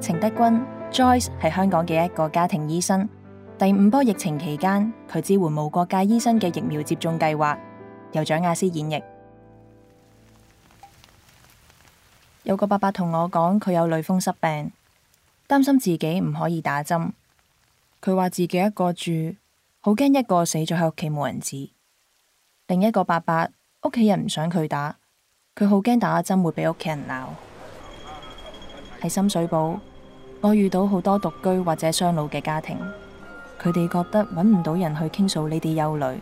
程德君 Joyce 係香港嘅一個家庭醫生。第五波疫情期間，佢支援無國界醫生嘅疫苗接種計劃。由蔣雅詩演繹。 有個伯伯同我講，佢有類風濕病，擔心自己唔可以打針。佢話自己一個住，好驚一個死咗喺屋企冇人治。另一個伯伯屋企人唔想佢打，佢好驚打針會俾屋企人鬧。喺深水埗，我遇到好多獨居或者雙老嘅家庭，佢哋覺得搵唔到人去傾訴呢啲憂慮，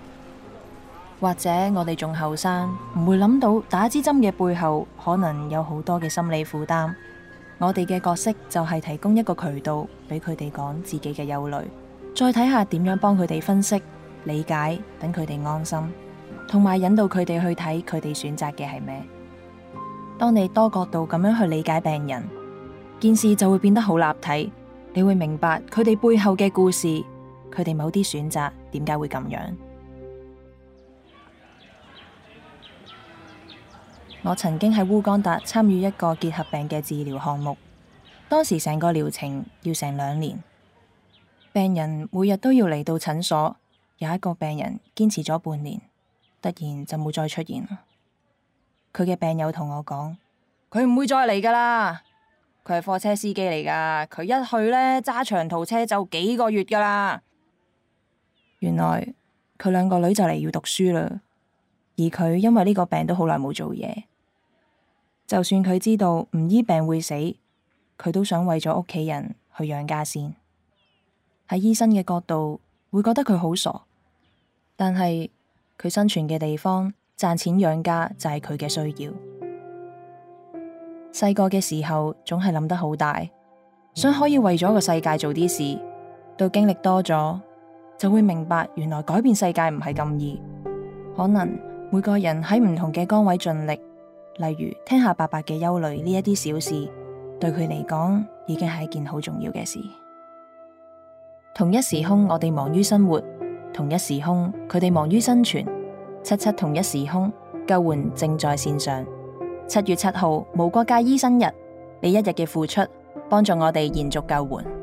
或者我哋仲後生，唔會諗到打支針嘅背後可能有好多嘅心理負擔。我哋嘅角色就係提供一個渠道俾佢哋講自己嘅憂慮，再睇下點樣幫佢哋分析、理解，等佢哋安心，同埋引導佢哋去睇佢哋選擇嘅係咩。當你多角度咁樣去理解病人。件事就會變得好立體，你會明白佢哋背後嘅故事，佢哋某啲選擇點解會咁樣。 我曾經喺烏干達參與一個結核病嘅治療項目，當時成個療程要成兩年，病人每日都要嚟到診所。有一個病人堅持咗半年，突然就冇再出現。佢嘅病友同我講，佢唔會再嚟噶啦。佢係貨車司機嚟噶，佢一去呢，揸長途車就幾個月噶啦。原來佢兩個女就嚟要讀書啦，而佢因為呢個病都好耐冇做嘢。就算佢知道唔醫病會死，佢都想為咗屋企人去養家先。喺醫生嘅角度會覺得佢好傻，但係佢生存嘅地方賺錢養家就係佢嘅需要。細個嘅時候，總係諗得好大，想可以為咗個世界做啲事。到經歷多咗，就會明白原來改變世界唔係咁易。可能每個人喺唔同嘅崗位盡力，例如聽下伯伯嘅憂慮呢一啲小事，對佢嚟講已經係一件好重要嘅事。同一時空，我哋忙於生活；同一時空，佢哋忙於生存。七七同一時空，救援正在線上。七月七號無國界醫生日，你一日嘅付出，幫助我哋延續救援。